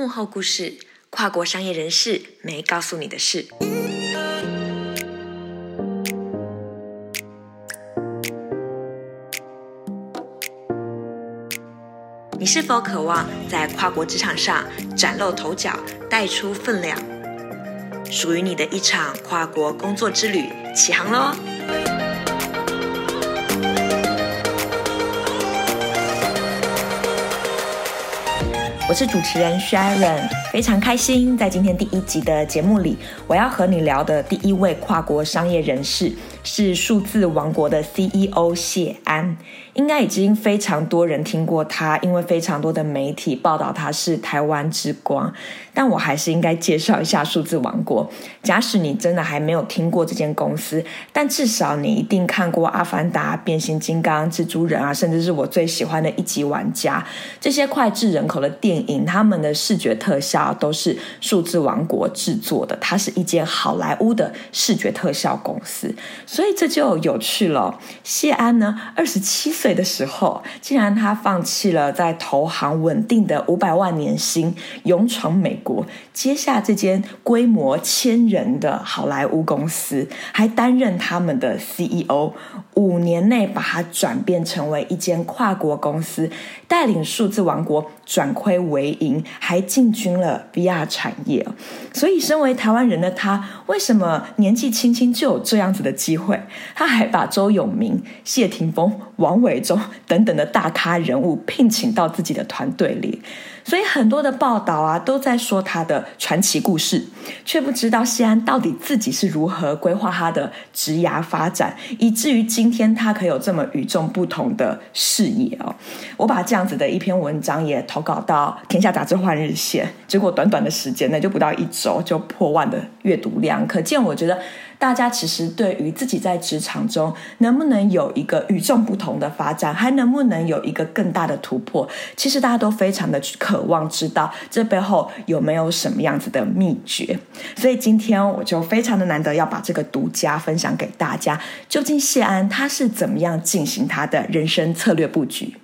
幕後故事，跨國商業人士沒告訴你的事。你是否渴望在跨國職場上嶄露頭角，帶出分量？屬於你的一場跨國工作之旅，起航囉！我是主持人 Sharon，非常開心，在今天第一集的節目裡，我要和你聊的第一位跨國商業人士是數字王國的 CEO 謝安。應該已經非常多人聽過他，因為非常多的媒體報道他是台灣之光，但我還是應該介紹一下數字王國。假使你真的還沒有聽過這間公司，但至少你一定看過《阿凡達》《變形金剛》《蜘蛛人》啊，甚至是我最喜歡的一級玩家這些膾炙人口的電影，他們的視覺特效都是數字王國製作的，它是一間好萊塢的視覺特效公司。所以這就有趣了。謝安呢，二十七歲，的時候，竟然，他放棄了在投行穩定的五百萬年薪，勇闖美國，接下這間規模千人的好萊塢公司，還擔任他們的 CEO，五年內把它轉變成為一間跨國公司，帶領數字王國轉虧為盈，還進軍了 VR 產業。所以，身為台灣人的他，為什麼年紀輕輕就有這樣子的機會？他還把周永明、謝霆鋒，王偉忠等等的大咖人物聘請到自己的團隊裡，所以很多的報道啊都在說他的傳奇故事，卻不知道謝安到底自己是如何規劃他的職涯發展，以至於今天他可以有這麼與眾不同的視野哦，我把這樣子的一篇文章也投稿到《天下雜誌》換日線，結果短短的時間呢，就不到一周就破萬的閱讀量，可見我覺得。大家其實對於自己在職場中能不能有一個與眾不同的發展，還能不能有一個更大的突破，其實大家都非常的渴望知道這背後有沒有什麼樣子的秘訣。所以今天我就非常的難得要把這個獨家分享給大家，究竟謝安他是怎麼樣進行他的人生策略布局？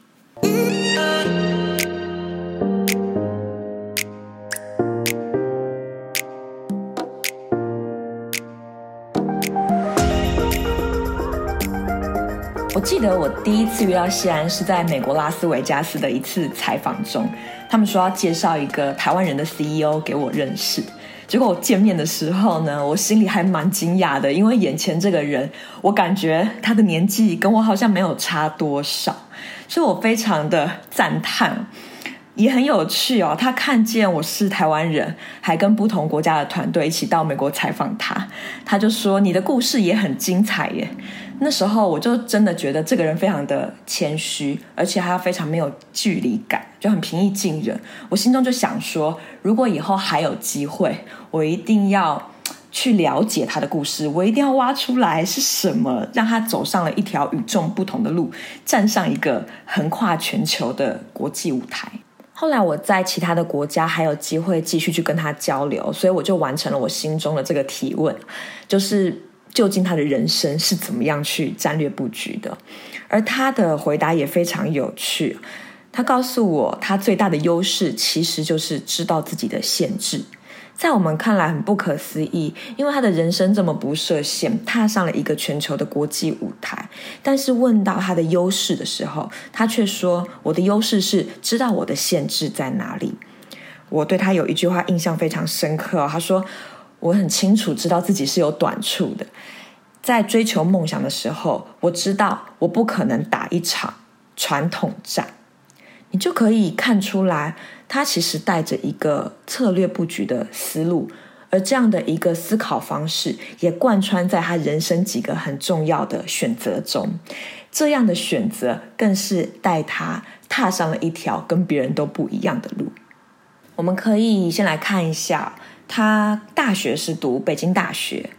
記得我第一次遇到謝安是在美國拉斯維加斯的一次採訪中，他們說要介紹一個台灣人的 CEO 給我認識。結果我見面的時候呢，我心裡還蠻驚訝的，因為眼前這個人，我感覺他的年紀跟我好像沒有差多少，所以我非常的讚嘆，也很有趣哦。他看見我是台灣人，還跟不同國家的團隊一起到美國採訪他，他就說：“你的故事也很精彩耶。”那時候我就真的覺得這個人非常的謙虛，而且他非常沒有距離感，就很平易近人。我心中就想說，如果以後還有機會，我一定要去了解他的故事，我一定要挖出來是什麼，讓他走上了一條與眾不同的路，站上一個橫跨全球的國際舞台。後來我在其他的國家還有機會繼續去跟他交流，所以我就完成了我心中的這個提問，就是，究竟他的人生是怎麼樣去戰略布局的？而他的回答也非常有趣。他告訴我，他最大的優勢其實就是知道自己的限制。在我們看來很不可思議，因為他的人生這麼不設限，踏上了一個全球的國際舞台。但是問到他的優勢的時候，他卻說：“我的優勢是知道我的限制在哪裡。”我對他有一句話印象非常深刻，他說，我很清楚知道自己是有短處的，在追求夢想的時候，我知道我不可能打一場傳統戰。你就可以看出來，他其實帶着一個策略布局的思路，而這樣的一個思考方式也貫穿在他人生幾個很重要的選擇中。這樣的選擇更是帶他踏上了一條跟別人都不一樣的路。我們可以先來看一下。他大學是讀北京大學，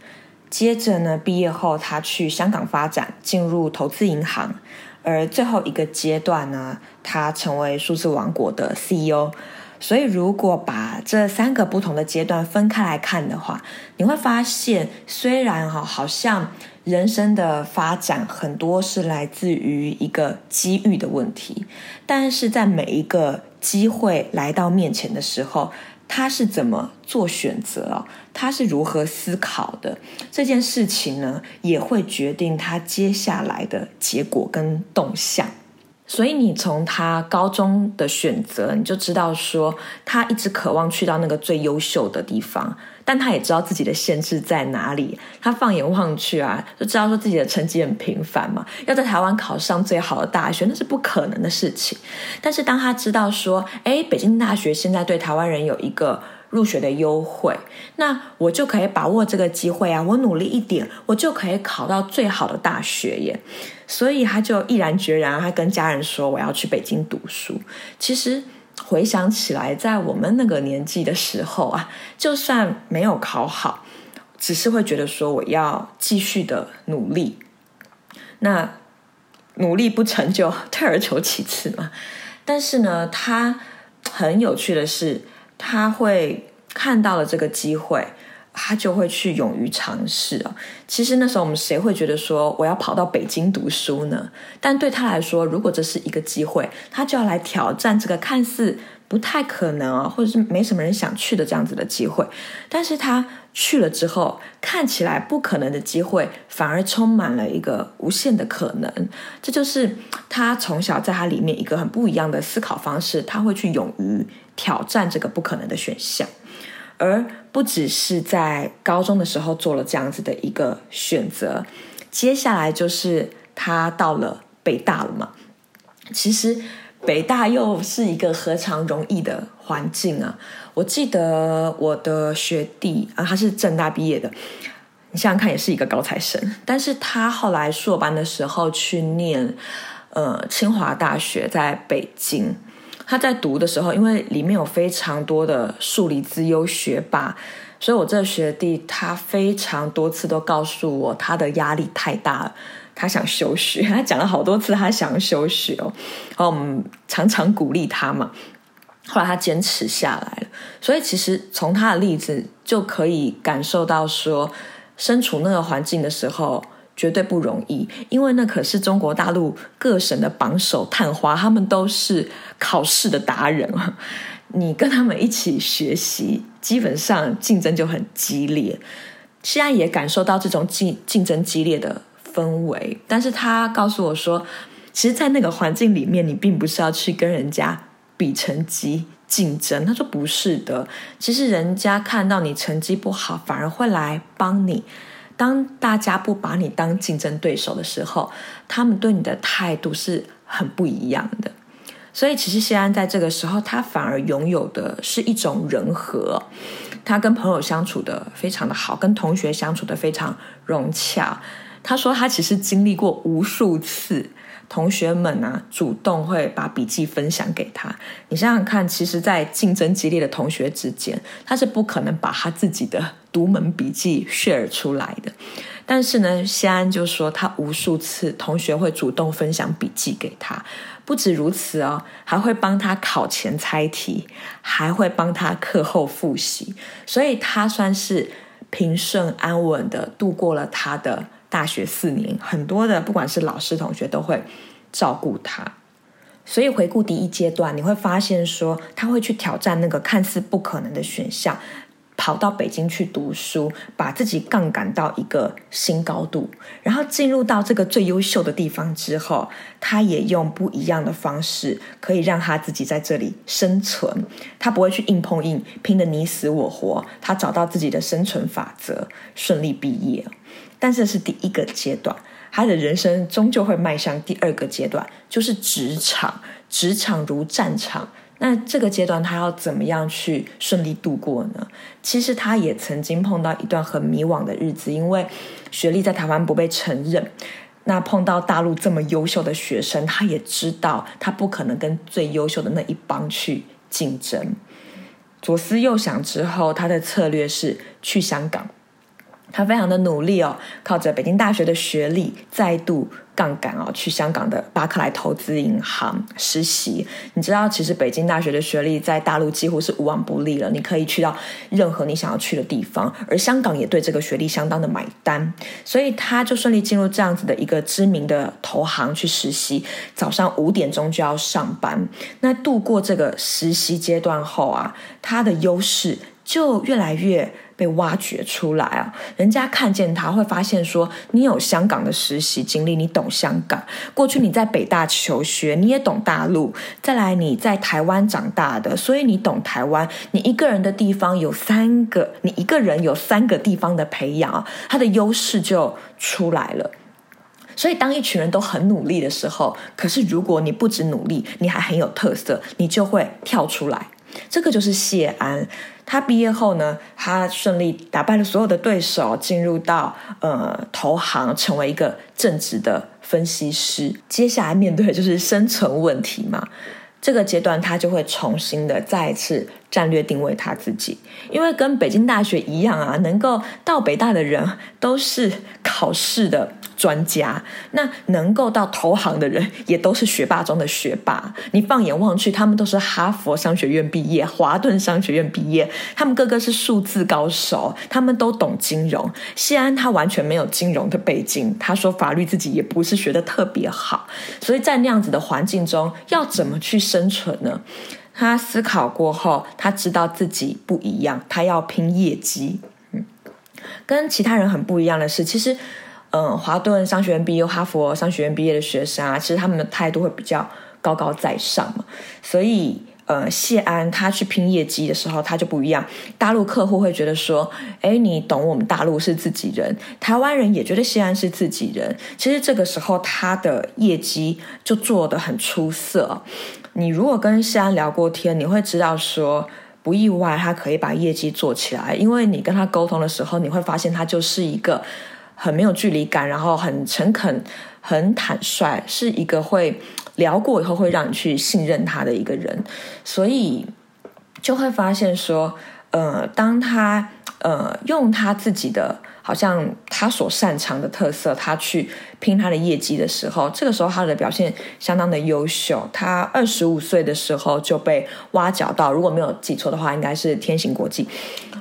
接着呢，畢業後他去香港發展，進入投資銀行，而最後一個階段呢，他成為數字王國的 CEO。所以，如果把這三個不同的階段分開來看的話，你會發現，雖然哈，好像人生的發展很多是來自於一個機遇的問題，但是在每一個機會來到面前的時候，他是怎麼做選擇？他是如何思考的？這件事情呢，也會決定他接下來的結果跟動向。所以，你從他高中的選擇，你就知道說，他一直渴望去到那個最優秀的地方。但他也知道自己的限制在哪裡。他放眼望去啊，就知道說自己的成績很平凡嘛。要在台灣考上最好的大學，那是不可能的事情。但是當他知道說，誒，北京大學現在對台灣人有一個入學的優惠，那我就可以把握這個機會啊！我努力一點，我就可以考到最好的大學耶！所以他就毅然決然啊，他跟家人說：“我要去北京讀書。”其實。回想起來，在我們那個年紀的時候啊，就算沒有考好，只是會覺得說我要繼續的努力。那努力不成就退而求其次嘛。但是呢，他很有趣的是，他會看到了這個機會。他就會去勇於嘗試。其實那時候我們誰會覺得說我要跑到北京讀書呢？但對他來說，如果這是一個機會，他就要來挑戰這個看似不太可能啊、哦，或者是沒什麼人想去的這樣子的機會。但是他去了之後，看起來不可能的機會，反而充滿了一個無限的可能。這就是他從小在他裡面一個很不一樣的思考方式，他會去勇於挑戰這個不可能的選項。而不只是在高中的時候做了這樣子的一個選擇，接下來就是他到了北大了嘛？其實北大又是一個何嘗容易的環境啊！我記得我的學弟啊，他是鄭大畢業的，你想想看，也是一個高材生，但是他後來碩班的時候去念呃清華大學，在北京。他在讀的時候，因為裡面有非常多的數理資優學霸，所以我這個學弟他非常多次都告訴我他的壓力太大了，他想休學。他講了好多次他想要休學哦，然後我們常常鼓勵他嘛，後來他堅持下來了。所以其實從他的例子就可以感受到說，說身處那個環境的時候。絕對不容易，因為那可是中國大陸各省的榜首探花，他們都是考試的達人，你跟他們一起學習，基本上競爭就很激烈。謝安也感受到這種競競爭激烈的氛圍，但是他告訴我說，其實，在那個環境裡面，你並不是要去跟人家比成績競爭。他說不是的，其實人家看到你成績不好，反而會來幫你。當大家不把你當競爭對手的時候，他們對你的態度是很不一樣的。所以，其實謝安在這個時候，他反而擁有的是一種人和。他跟朋友相處的非常的好，跟同學相處的非常融洽。他說，他其實經歷過無數次，同學們呢啊，主動會把筆記分享給他。你想想看，其實在競爭激烈的同學之間，他是不可能把他自己的，獨門筆記 share 出來的，但是呢，謝安就說他無數次同學會主動分享筆記給他，不止如此哦，還會幫他考前猜題，還會幫他課後複習，所以他算是平順安穩地度過了他的大學四年。很多的不管是老師同學都會照顧他，所以回顧第一階段，你會發現說他會去挑戰那個看似不可能的選項。跑到北京去讀書，把自己槓桿到一個新高度，然後進入到這個最優秀的地方之後，他也用不一樣的方式，可以讓他自己在這裡生存。他不會去硬碰硬，拼得你死我活，他找到自己的生存法則，順利畢業。但這是第一個階段，他的人生終究會邁向第二個階段，就是職場。職場如戰場。那這個階段他要怎麼樣去順利度過呢？其實他也曾經碰到一段很迷惘的日子，因為學歷在台灣不被承認。那碰到大陸這麼優秀的學生，他也知道他不可能跟最優秀的那一幫去競爭。左思右想之後，他的策略是去香港。他非常的努力哦，靠着北京大學的學歷，再度槓桿哦，去香港的巴克萊投資銀行實習。你知道，其實北京大學的學歷在大陸幾乎是無往不利了，你可以去到任何你想要去的地方，而香港也對這個學歷相當的買單，所以他就順利進入這樣子的一個知名的投行去實習。早上五點鐘就要上班，那度過這個實習階段後啊，他的優勢就越來越被挖掘出來啊！人家看見他會發現說，你有香港的實習經歷，你懂香港；過去你在北大求學，你也懂大陸；再來你在台灣長大的，所以你懂台灣。你一個人的地方有三個，你一個人有三個地方的培養啊，他的優勢就出來了。所以當一群人都很努力的時候，可是如果你不止努力，你還很有特色，你就會跳出來。這個就是謝安。他畢業後呢，他順利打敗了所有的對手，進入到呃，投行，成為一個正職的分析師。接下來面對的就是生存問題嘛，這個階段他就會重新的再一次，戰略定位他自己，因為跟北京大學一樣啊，能夠到北大的人都是考試的專家。那能夠到投行的人也都是學霸中的學霸。你放眼望去，他們都是哈佛商學院畢業、華頓商學院畢業，他們個個是數字高手，他們都懂金融。謝安他完全沒有金融的背景，他說法律自己也不是學得特別好，所以在那樣子的環境中，要怎麼去生存呢？他思考過後，他知道自己不一樣，他要拼業績。嗯，跟其他人很不一樣的是，其實，嗯，呃，華頓商學院畢業、哈佛商學院畢業的學生啊，其實他們的態度會比較高高在上嘛。所以，呃，謝安他去拼業績的時候，他就不一樣。大陸客戶會覺得說：“哎，你懂我們大陸是自己人。”台灣人也覺得謝安是自己人。其實這個時候，他的業績就做得很出色。你如果跟謝安聊過天，你會知道說，不意外，他可以把業績做起來，因為你跟他溝通的時候，你會發現他就是一個很沒有距離感，然後很誠懇、很坦率，是一個會聊過以後會讓你去信任他的一個人，所以就會發現說，呃，當他呃用他自己的。好像他所擅長的特色，他去拼他的業績的時候，這個時候他的表現相當的優秀。他二十五歲的時候就被挖角到，如果沒有記錯的話，應該是天行國際。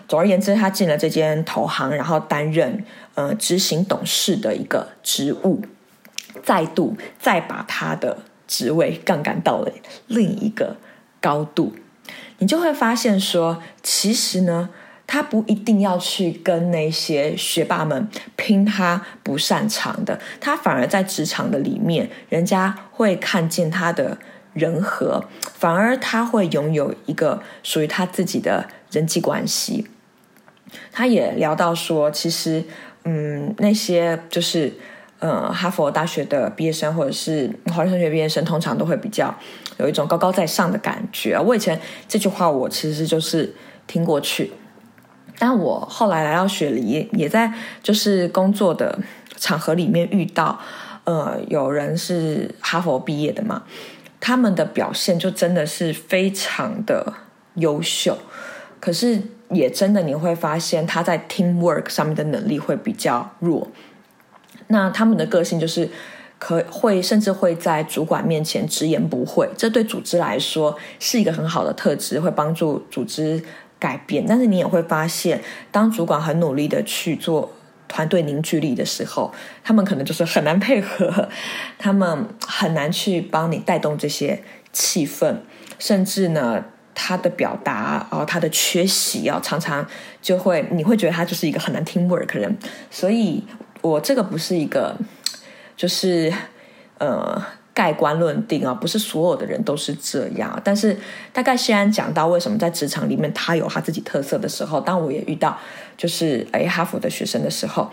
總而言之，他進了這間投行，然後擔任呃執行董事的一個職務，再度再把他的職位槓桿到了另一個高度。你就會發現說，其實呢。他不一定要去跟那些學霸們拼他不擅長的，他反而在職場的裡面，人家會看見他的人和，反而他會擁有一個屬於他自己的人際關係。他也聊到說，其實，嗯，那些就是，呃，哈佛大學的畢業生或者是華頓商學院畢業生，通常都會比較有一種高高在上的感覺。我以前這句話，我其實就是聽過去。但我後來來到雪梨，也在就是工作的場合裡面遇到，呃，有人是哈佛畢業的嘛，他們的表現就真的是非常的優秀，可是也真的你會發現他在 teamwork 上面的能力會比較弱，那他們的個性就是可會甚至會在主管面前直言不諱，這對組織來說是一個很好的特質，會幫助組織。改變，但是你也會發現，當主管很努力的去做團隊凝聚力的時候，他們可能就是很難配合，他們很難去幫你帶動這些氣氛，甚至呢，他的表達啊、哦，他的缺席啊、哦，常常就會，你會覺得他就是一個很難 teamwork 的人。所以，我這個不是一個，就是呃。蓋棺論定啊，不是所有的人都是這樣。但是，大概謝安講到為什麼在職場裡面他有他自己特色的時候，當我也遇到就是哎哈佛的學生的時候，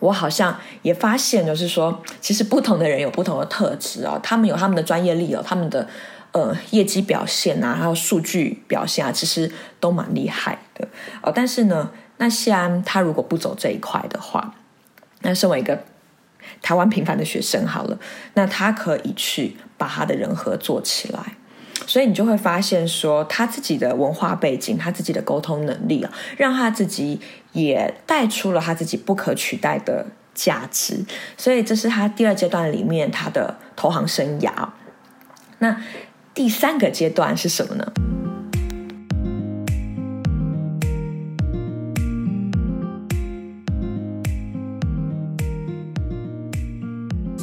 我好像也發現就是說，其實不同的人有不同的特質啊，他們有他們的專業力哦，他們的呃業績表現啊，還有數據表現啊，其實都蠻厲害的。哦，但是呢，那謝安他如果不走這一塊的話，那身為一個。台灣平凡的學生好了，那他可以去把他的人合作起來，所以你就會發現說，他自己的文化背景，他自己的溝通能力啊，讓他自己也帶出了他自己不可取代的價值。所以這是他第二階段裡面他的投行生涯。那第三個階段是什麼呢？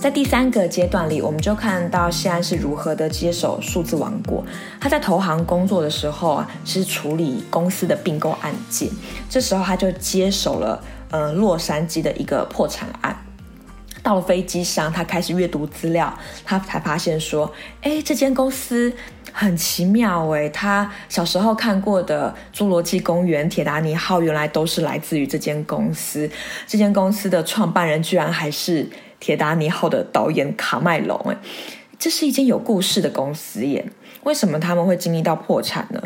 在第三個階段裡，我們就看到謝安是如何的接手數字王國。他在投行工作的時候啊，是處理公司的併購案件。這時候他就接手了，嗯、呃，洛杉磯的一個破產案。到了飛機上，他開始閱讀資料，他才發現說：“哎，這間公司很奇妙誒、欸，他小時候看過的《侏羅紀公園》《鐵達尼號》，原來都是來自於這間公司。這間公司的創辦人居然還是……”鐵達尼號的導演卡麥隆，哎，這是一間有故事的公司耶。為什麼他們會經歷到破產呢？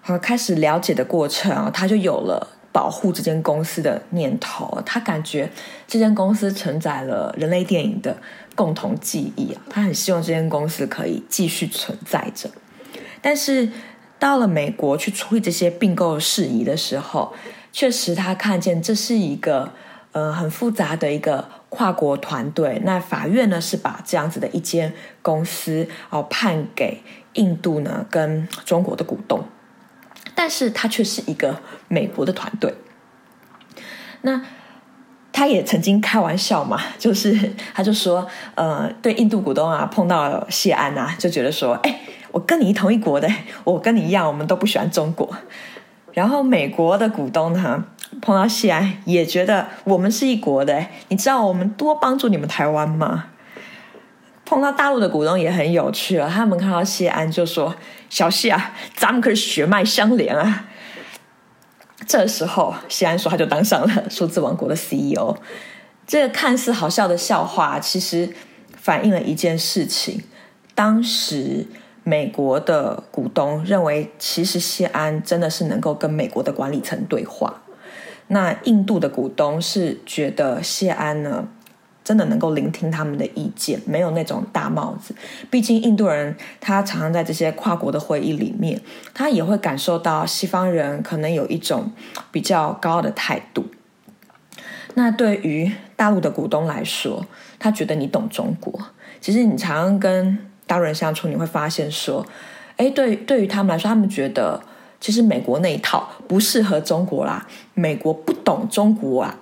好，開始了解的過程啊，他就有了保護這間公司的念頭。他感覺這間公司承載了人類電影的共同記憶啊，他很希望這間公司可以繼續存在着。但是到了美國去處理這些併購事宜的時候，確實他看見這是一個，嗯、呃，很複雜的一個。跨國團隊，那法院呢，是把這樣子的一間公司哦，判給印度呢跟中國的股東，但是他卻是一個美國的團隊。那他也曾經開玩笑嘛，就是他就說，呃，對印度股東啊碰到謝安啊就覺得說，哎，我跟你同一國的，我跟你一樣，我們都不喜歡中國。然後美國的股東呢？碰到謝安也覺得我們是一國的，你知道我們多幫助你們台灣嗎？碰到大陸的股東也很有趣了，他們看到謝安就說：“小謝啊，咱們可是血脈相連啊！”這時候謝安說他就當上了數字王國的 CEO。這個看似好笑的笑話，其實反映了一件事情：當時美國的股東認為，其實謝安真的是能夠跟美國的管理層對話。那印度的股東是覺得謝安呢，真的能夠聆聽他們的意見，沒有那種大帽子。畢竟印度人他常常在這些跨國的會議裡面，他也會感受到西方人可能有一種比較高傲的態度。那對於大陸的股東來說，他覺得你懂中國。其實你常常跟大陸人相處，你會發現說，哎，對，對於他們來說，他們覺得其實美國那一套。不適合中國啦、啊，美國不懂中國啊，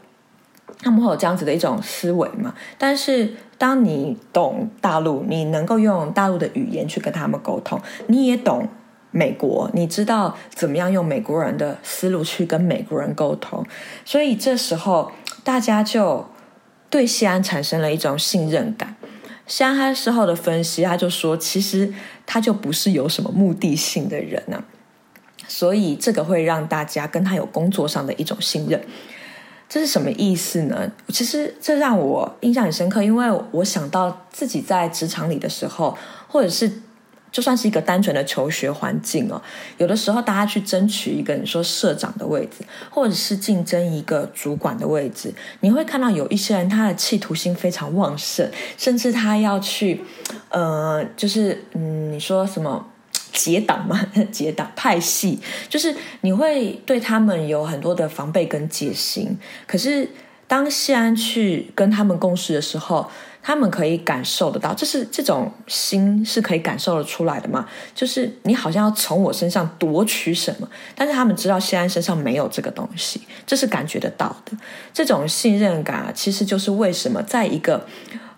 他們會有這樣子的一種思維嘛？但是當你懂大陸，你能夠用大陸的語言去跟他們溝通，你也懂美國，你知道怎麼樣用美國人的思路去跟美國人溝通，所以這時候大家就對謝安產生了一種信任感。謝安他之後的分析，他就說，其實他就不是有什麼目的性的人呢、啊。所以這個會讓大家跟他有工作上的一種信任，這是什麼意思呢？其實這讓我印象很深刻，因為我想到自己在職場裡的時候，或者是就算是一個單純的求學環境哦，有的時候大家去爭取一個你說社長的位置，或者是競爭一個主管的位置，你會看到有一些人他的企圖心非常旺盛，甚至他要去，呃，就是嗯，你說什麼？結黨嘛，結黨派系，就是你會對他們有很多的防備跟戒心。可是當謝安去跟他們共事的時候，他們可以感受得到，就是這種心是可以感受得出來的嘛。就是你好像要從我身上奪取什麼，但是他們知道謝安身上沒有這個東西，這是感覺得到的。這種信任感，啊，其實就是為什麼在一個。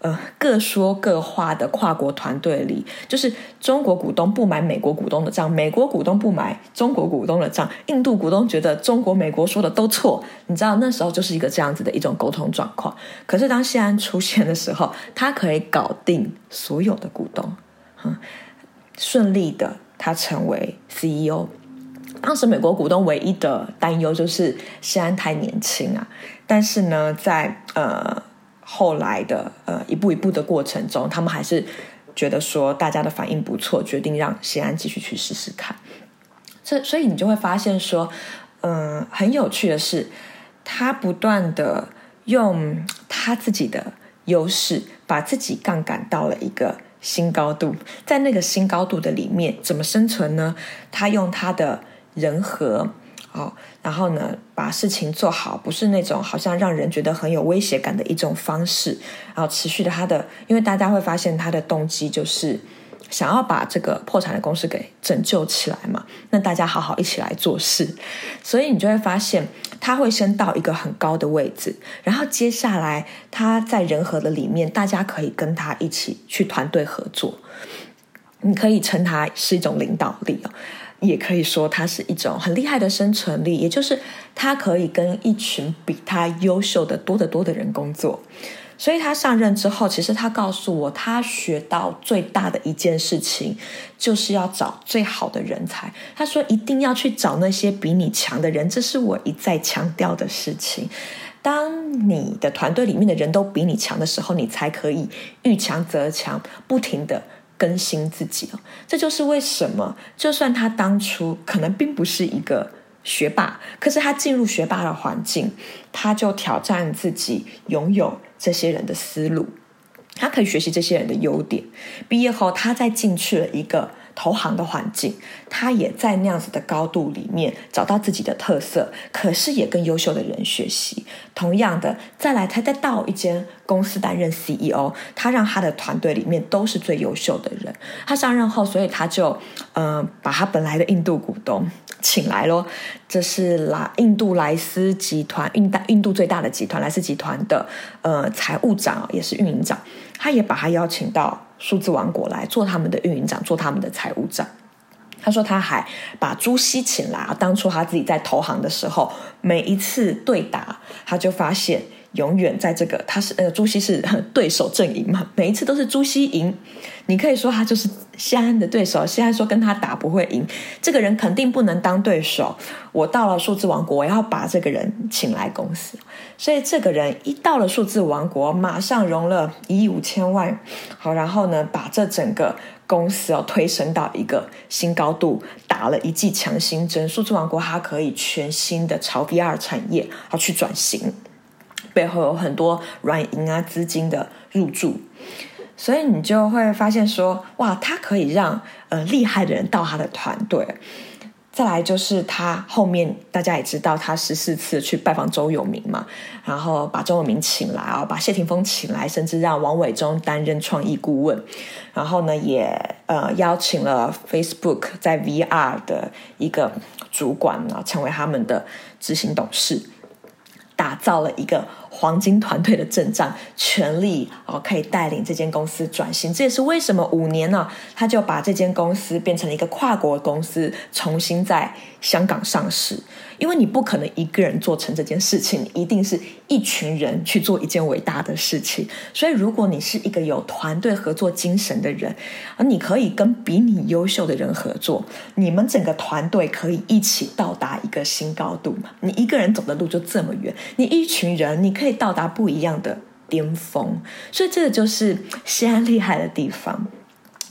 呃，各說各話的跨國團隊裡，就是中國股東不買美國股東的賬，美國股東不買中國股東的賬，印度股東覺得中國、美國說的都錯。你知道那時候就是一個這樣子的一種溝通狀況。可是當謝安出現的時候，他可以搞定所有的股東，嗯，順利的他成為 CEO。當時美國股東唯一的擔憂就是謝安太年輕啊。但是呢，在呃。後來的呃一步一步的過程中，他們還是覺得說大家的反應不錯，決定讓謝安繼續去試試看。所以所以你就會發現說，嗯，很有趣的是，他不斷的用他自己的優勢，把自己槓桿到了一個新高度。在那個新高度的裡面，怎麼生存呢？他用他的人和。哦，然後呢，把事情做好，不是那種好像讓人覺得很有威脅感的一種方式。然後持續的他的，因為大家會發現他的動機就是想要把這個破產的公司給拯救起來嘛。那大家好好一起來做事，所以你就會發現他會先到一個很高的位置。然後接下來他在人和的裡面，大家可以跟他一起去團隊合作。你可以稱他是一種領導力啊、哦。也可以說，他是一種很厲害的生存力，也就是他可以跟一群比他優秀的多得多的人工作。所以他上任之後，其實他告訴我，他學到最大的一件事情，就是要找最好的人才。他說，一定要去找那些比你強的人，這是我一再強調的事情。當你的團隊裡面的人都比你強的時候，你才可以遇強則強，不停的。更新自己了，這就是為什麼，就算他當初可能並不是一個學霸，可是他進入學霸的環境，他就挑戰自己，擁有這些人的思路，他可以學習這些人的優點，畢業後，他再進去了一個。投行的環境，他也在那樣子的高度裡面找到自己的特色，可是也跟優秀的人學習。同樣的，再來，他再到一間公司擔任 CEO，他讓他的團隊裡面都是最優秀的人。他上任後，所以他就嗯、呃，把他本來的印度股東請來嘍。這是來印度萊斯集團，印大印度最大的集團萊斯集團的呃財務長也是運營長，他也把他邀請到。數字王國來做他們的運營長，做他們的財務長。他說他還把朱熹請來啊。當初他自己在投行的時候，每一次對打，他就發現永遠在這個他是呃，朱熹是對手陣營嘛，每一次都是朱熹贏。你可以說他就是謝安的對手，謝安說跟他打不會贏，這個人肯定不能當對手。我到了數字王國，我要把這個人請來公司。所以這個人一到了數字王國，馬上融了一億五千萬，好，然後呢，把這整個公司、哦、推升到一個新高度，打了一劑強心針。整個數字王國它可以全新的朝第二產業去轉型，背後有很多軟銀啊資金的入駐，所以你就會發現說，哇，他可以讓呃厲害的人到他的團隊。接下來就是他後面，大家也知道，他十四次去拜訪周永明嘛，然後把周永明請來啊，把謝霆鋒請來，甚至讓王偉忠擔任創意顧問，然後呢，也呃邀請了 Facebook 在 VR 的一個主管啊，成為他們的執行董事，打造了一個。黃金團隊的陣仗，全力哦可以帶領這間公司轉型。這也是為什麼五年呢、啊，他就把這間公司變成了一個跨國公司，重新在香港上市。因為你不可能一個人做成這件事情，你一定是一群人去做一件偉大的事情。所以，如果你是一個有團隊合作精神的人，而你可以跟比你優秀的人合作，你們整個團隊可以一起到達一個新高度嘛？你一個人走的路就這麼遠，你一群人你可以到達不一樣的巔峰。所以，這個就是謝安厲害的地方。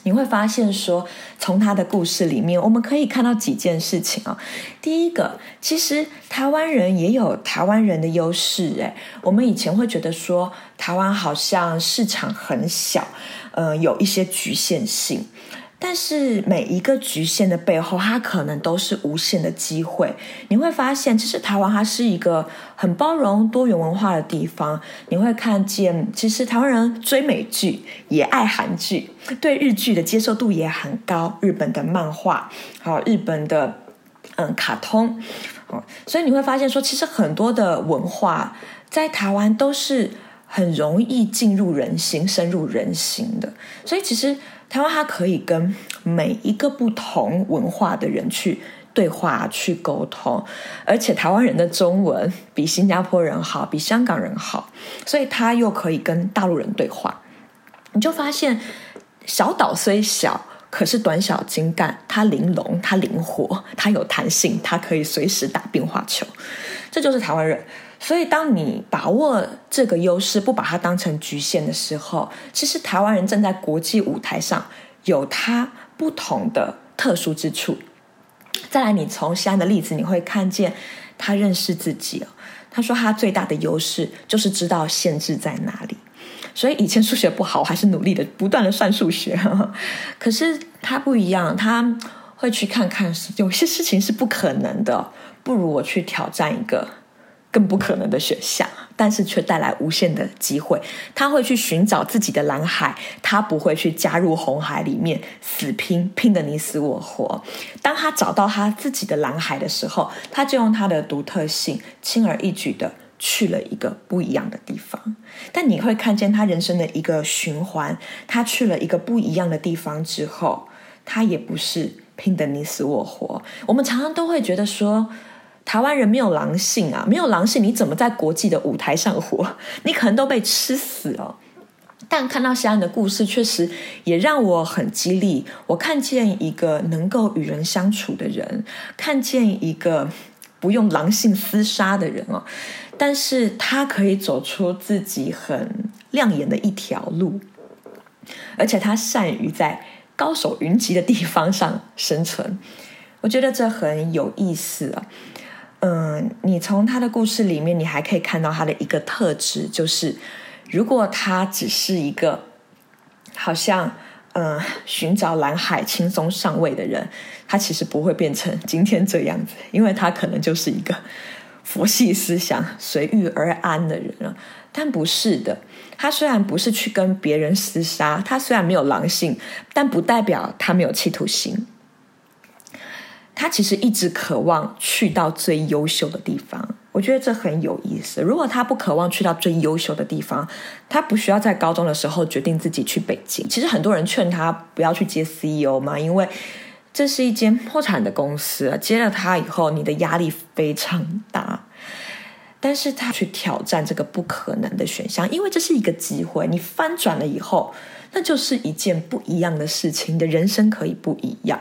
你會發現，說從他的故事裡面，我們可以看到幾件事情啊、哦。第一個，其實台灣人也有台灣人的優勢哎，誒，我們以前會覺得說台灣好像市場很小，呃，有一些局限性。但是每一個局限的背後，它可能都是無限的機會。你會發現，其實台灣它是一個很包容多元文化的地方。你會看見，其實台灣人追美劇也愛韓劇，對日劇的接受度也很高。日本的漫畫，還有日本的，嗯，卡通，哦，所以你會發現說，其實很多的文化在台灣都是很容易進入人心、深入人心的。所以其實。台灣，它可以跟每一個不同文化的人去對話、去溝通，而且台灣人的中文比新加坡人好，比香港人好，所以他又可以跟大陸人對話。你就發現，小島雖小，可是短小精幹，它玲瓏，它靈活，它有彈性，它可以隨時打變化球。這就是台灣人。所以，當你把握這個優勢，不把它當成局限的時候，其實台灣人站在國際舞台上有他不同的特殊之處。再來，你從謝安的例子，你會看見他認識自己，他說，他最大的優勢就是知道限制在哪裡。所以，以前數學不好，我還是努力的，不斷的算數學。可是他不一樣，他會去看看，有些事情是不可能的，不如我去挑戰一個。更不可能的選項，但是卻帶來無限的機會。他會去尋找自己的藍海，他不會去加入紅海裡面死拼，拼得你死我活。當他找到他自己的藍海的時候，他就用他的獨特性，輕而易舉地去了一個不一樣的地方。但你會看見他人生的一個循環，他去了一個不一樣的地方之後，他也不是拼得你死我活。我們常常都會覺得說。台灣人沒有狼性啊，沒有狼性，你怎麼在國際的舞台上活？你可能都被吃死哦。但看到小安的故事，確實也讓我很激勵。我看見一個能夠與人相處的人，看見一個不用狼性廝殺的人哦。但是他可以走出自己很亮眼的一條路，而且他善於在高手雲集的地方上生存。我覺得這很有意思啊。嗯，你從他的故事裡面，你還可以看到他的一個特質，就是如果他只是一個好像嗯尋找藍海輕鬆上位的人，他其實不會變成今天這樣子，因為他可能就是一個佛系思想、隨遇而安的人了。但不是的，他雖然不是去跟別人廝殺，他雖然沒有狼性，但不代表他沒有企圖心。他其實一直渴望去到最優秀的地方，我覺得這很有意思。如果他不渴望去到最優秀的地方，他不需要在高中的時候決定自己去北京。其實很多人勸他不要去接 CEO 嘛，因為這是一間破產的公司啊，接了他以後，你的壓力非常大。但是他去挑戰這個不可能的選項，因為這是一個機會。你翻轉了以後，那就是一件不一樣的事情，你的人生可以不一樣。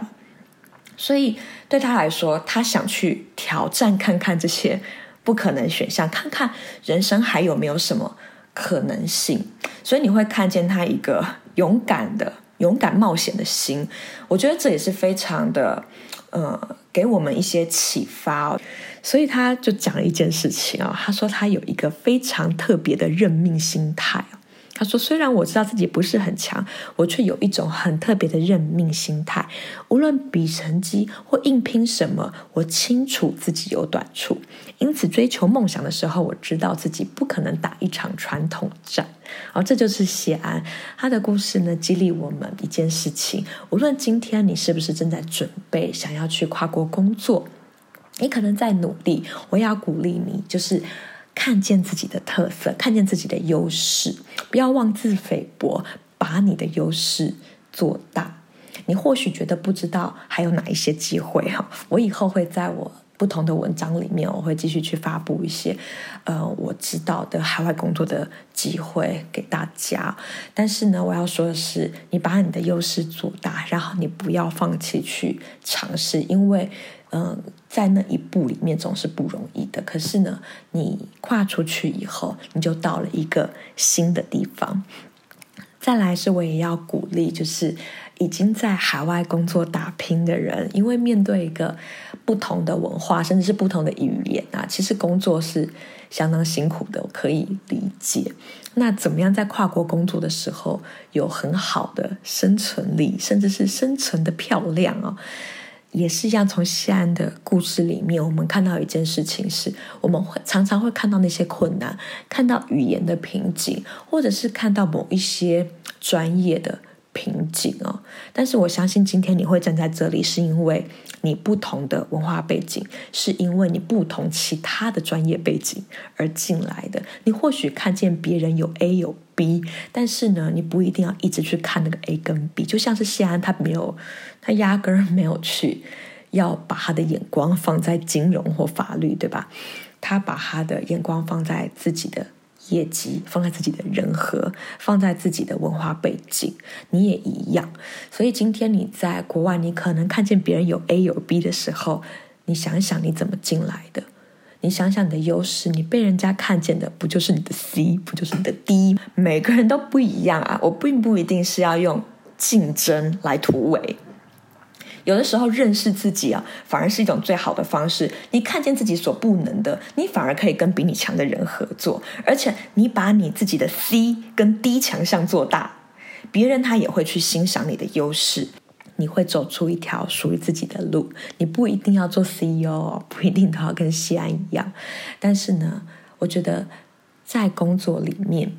所以。對他來說，他想去挑戰看看這些不可能選項，看看人生還有沒有什麼可能性。所以你會看見他一個勇敢的、勇敢冒險的心。我覺得這也是非常的，呃，給我們一些啟發，哦。所以他就講了一件事情啊，哦，他說他有一個非常特別的認命心態。他說：“雖然我知道自己不是很強，我卻有一種很特別的認命心態。無論比成績或硬拼什麼，我清楚自己有短處。因此，追求夢想的時候，我知道自己不可能打一場傳統戰。而、哦、這就是謝安他的故事呢，激勵我們一件事情。無論今天你是不是正在準備想要去跨國工作，你可能在努力，我也要鼓勵你，就是。”看見自己的特色，看見自己的優勢，不要妄自菲薄，把你的優勢做大。你或許覺得不知道還有哪一些機會哈，我以後會在我不同的文章裡面，我會繼續去發布一些，呃，我知道的海外工作的機會給大家。但是呢，我要說的是，你把你的優勢做大，然後你不要放棄去嘗試，因為。嗯，在那一步裡面總是不容易的。可是呢，你跨出去以後，你就到了一個新的地方。再來是，我也要鼓勵，就是已經在海外工作打拼的人，因為面對一個不同的文化，甚至是不同的語言啊，其實工作是相當辛苦的，我可以理解。那怎麼樣在跨國工作的時候有很好的生存力，甚至是生存的漂亮哦？也是一樣，從謝安的故事裡面，我們看到一件事情是，我們會常常會看到那些困難，看到語言的瓶頸，或者是看到某一些專業的瓶頸哦。但是我相信，今天你會站在這裡，是因為你不同的文化背景，是因為你不同其他的專業背景而進來的。你或許看見別人有 A 有 B。B，但是呢，你不一定要一直去看那個 A 跟 B，就像是謝安，他沒有，他壓根沒有去要把他的眼光放在金融或法律，對吧？他把他的眼光放在自己的業績，放在自己的人和，放在自己的文化背景。你也一樣，所以今天你在國外，你可能看見別人有 A 有 B 的時候，你想一想你怎麼進來的。你想想你的優勢，你被人家看見的不就是你的 C，不就是你的 D？每個人都不一樣啊，我並不一定是要用競爭來突圍。有的時候認識自己啊，反而是一種最好的方式。你看見自己所不能的，你反而可以跟比你強的人合作，而且你把你自己的 C 跟 D 強項做大，別人他也會去欣賞你的優勢。你會走出一條屬於自己的路，你不一定要做 CEO，不一定都要跟謝安一樣，但是呢，我覺得在工作裡面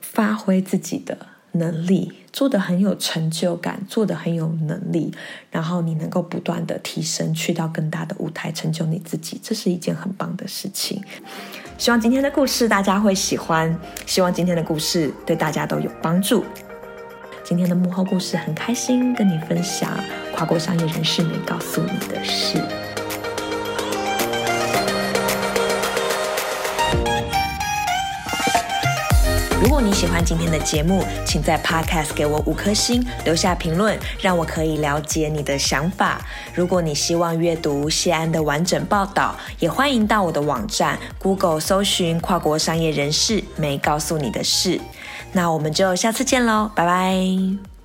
發揮自己的能力，做得很有成就感，做得很有能力，然後你能夠不斷的提升，去到更大的舞台，成就你自己，這是一件很棒的事情。希望今天的故事大家會喜歡，希望今天的故事對大家都有幫助。今天的幕後故事很開心跟你分享，跨國商業人士沒告訴你的事。如果你喜歡今天的節目，請在 Podcast 給我五顆星，留下評論，讓我可以了解你的想法。如果你希望閱讀謝安的完整報道，也歡迎到我的網站 Google 搜尋“跨國商業人士沒告訴你的事”。那我們就下次見嘍，拜拜。